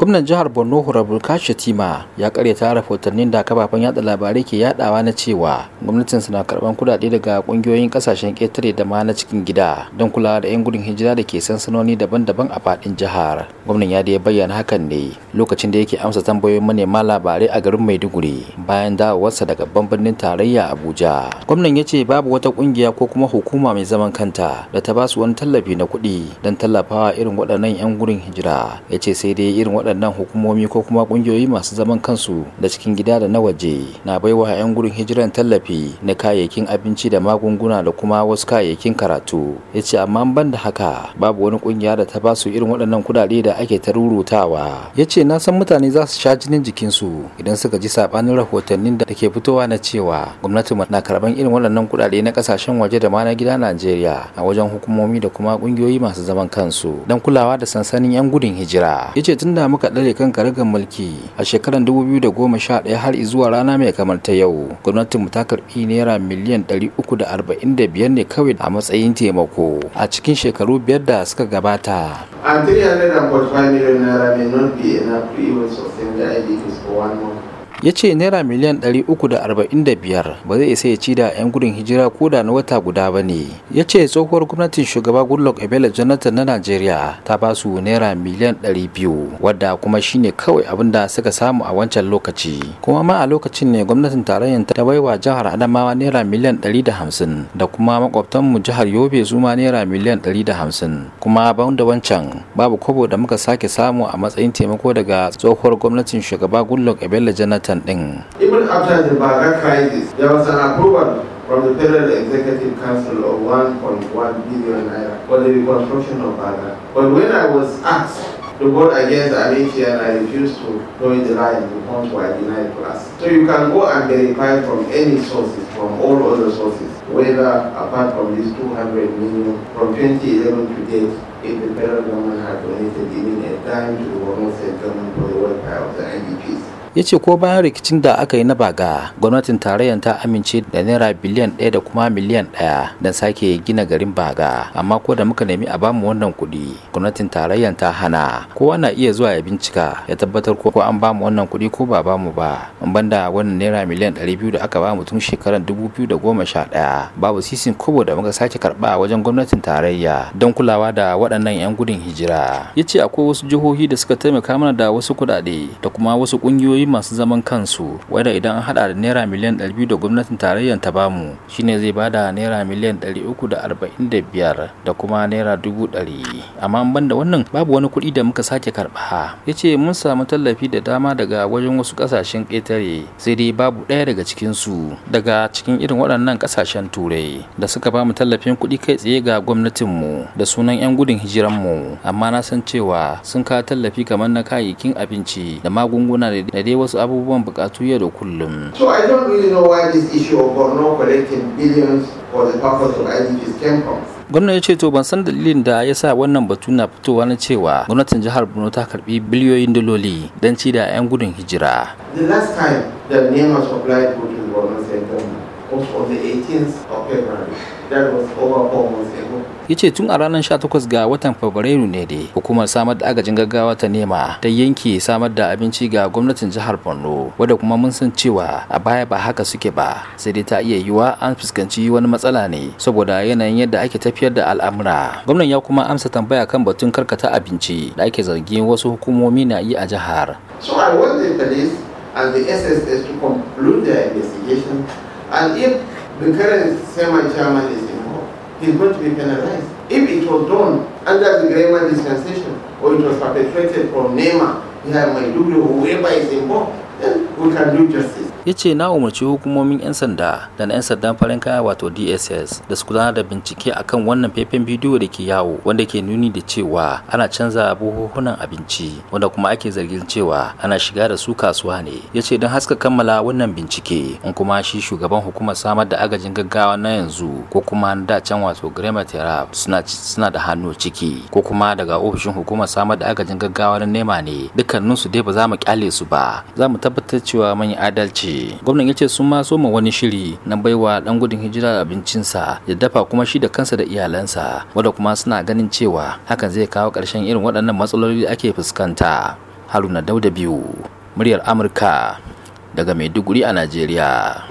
gwamnan jihar borno hurabulka shatima ya karyata rahotannin da kafafen yada labarai ke yadawa na cewa gwamnatin suna karban kudade daga kungiyoyin kasashen ketare da ma na cikin gida don kula da yan gudun hijira da ke sansanoni daban-daban a fadin jihar gwamnan ya da ya bayyana hakan ne lokacin da yake amsa tambayoyin manema labarai a garin maiduguri bayan dawowarsa daga babban birnin tarayya abuja gwamnan ya ce babu wata kungiya ko kuma hukuma mai zaman kanta da ta ba su wani tallafi na kuɗi don tallafawa irin waɗannan yan gudun hijira ya ce sai dai irin waɗannan waɗannan hukumomi ko kuma ƙungiyoyi masu zaman kansu da cikin gida da na waje na baiwa 'yan gurin hijiran tallafi na kayayyakin abinci da magunguna da kuma wasu kayayyakin karatu ya ce amma ban da haka babu wani ƙungiya da ta ba su irin waɗannan kuɗaɗe da ake ta rurutawa ya ce na san mutane za su sha jinin jikinsu idan suka ji saɓanin rahotannin da ke fitowa na cewa gwamnati na karɓan irin waɗannan kuɗaɗe na ƙasashen waje da ma na gida Najeriya a wajen hukumomi da kuma ƙungiyoyi masu zaman kansu don kulawa da sansanin 'yan gudun hijira ya ce tun da kuka ɗare kan karagar mulki a shekarar 2011 har zuwa rana mai kamar ta yau gwamnatin ta karbi naira miliyan 345 ne kawai a matsayin taimako a cikin shekaru biyar da suka gabata. A 345 million naira may not be enough to even sustain the IDPs for one month. ya ce naira miliyan 345 ba zai isa ya ci da 'yan gudun hijira ko da na wata guda ba ne ya ce tsohuwar gwamnatin shugaba goodluck ebele jonathan na nigeria ta ba su naira miliyan 200 wadda kuma shine kawai abin da suka samu a wancan lokaci kuma ma a lokacin ne gwamnatin tarayyar ta wa jihar adamawa naira miliyan 150 da kuma mu jihar yobe su ma naira miliyan 150 kuma ban da wancan babu kobo da muka sake samu a matsayin taimako daga tsohuwar gwamnatin shugaba goodluck ebele jonathan din. Even after the Baga crisis, there was an approval from the Federal Executive Council of 1.1 billion naira for the reconstruction of Baga. But when I was asked to vote against Amici and I refused to join the line because I denied class. So you can go and verify from any sources, from all other sources, whether apart from these 200 million from 2011 to date, if the federal government had donated even a dime to the Borno state government for the welfare of the IDPs. ya ce ko bayan rikicin da aka yi na baga gwamnatin tarayyar ta amince da naira biliyan ɗaya da kuma miliyan ɗaya don sake gina garin baga amma ko da muka nemi a bamu wannan kuɗi gwamnatin tarayyar ta hana kowa na iya zuwa ya bincika ya tabbatar ko an bamu wannan kuɗi ko ba bamu ba in banda wannan naira miliyan ɗari biyu da aka bamu tun shekarar dubu biyu da goma sha ɗaya babu sisin kobo da muka sake karɓa a wajen gwamnatin tarayya don kulawa da waɗannan 'yan gudun hijira ya ce akwai wasu jihohi da suka taimaka mana da wasu kuɗaɗe da kuma wasu ƙungiyoyi kungiyoyi masu zaman kansu wadda idan an hada da naira miliyan 200 da gwamnatin tarayyar ta bamu shine zai bada naira miliyan 345 da kuma naira 100 amma ban da wannan babu wani kuɗi da muka sake karɓa ya ce mun samu tallafi da dama daga wajen wasu ƙasashen ƙetare sai dai babu ɗaya daga cikinsu daga cikin irin waɗannan ƙasashen turai da suka bamu tallafin kuɗi kai tsaye ga gwamnatin mu da sunan 'yan gudun hijiranmu amma na san cewa sun kawo tallafi kamar na kayayyakin abinci da magunguna da dai wasu abubuwan bukatu yau da kullum. So I don't really know why this issue of Borno collecting billions for the purpose of IDPs came from. gwamna ya ce to ban san dalilin da ya sa wannan batu na fitowa na cewa gwamnatin jihar borno ta karbi biliyoyin daloli don ci da 'yan gudun hijira the last time that name was applied to the borno center was on the 18th of february yace tun a ranar 18 ga watan fabrairu ne dai hukumar samar da agajin gaggawa ta nema ta yanke samar da abinci ga gwamnatin jihar borno wadda kuma mun san cewa a baya ba haka suke ba sai dai ta iya yiwa an fuskanci wani matsala ne saboda yanayin yadda ake tafiyar da al'amura gwamnan ya kuma amsa tambaya kan batun karkata abinci da ake zargin wasu hukumomi na yi a jihar so i want the police and the sss to conclude investigation and if the current chairman is he's going to be penalized. If it was done under the Grema dispensation or it was perpetrated from Nema, Maiduguri, or whoever is involved, then we can do justice. ya ce na umarci hukumomin 'yan sanda da na 'yan sandan farin kaya wato dss da su gudanar da bincike akan wannan faifan bidiyo da ke yawo wanda ke nuni da cewa ana canza buhuhunan abinci wanda kuma ake zargin cewa ana shiga da su kasuwa ne ya ce don haska kammala wannan bincike in kuma shi shugaban hukumar samar da agajin gaggawa na yanzu ko kuma da can wato grema terab suna da hannu ciki ko kuma daga ofishin hukumar samar da agajin gaggawa na nema ne dukkaninsu dai ba za mu kyale su ba za mu tabbatar cewa mun yi adalci ce gwamnan ya ce sun ma soma wani shiri na baiwa dan gudun hijira abincinsa ya dafa kuma shi da kansa da iyalansa wanda kuma suna ganin cewa hakan zai kawo ƙarshen irin waɗannan matsaloli da ake fuskanta haruna dauda biyu muryar amurka daga maiduguri a najeriya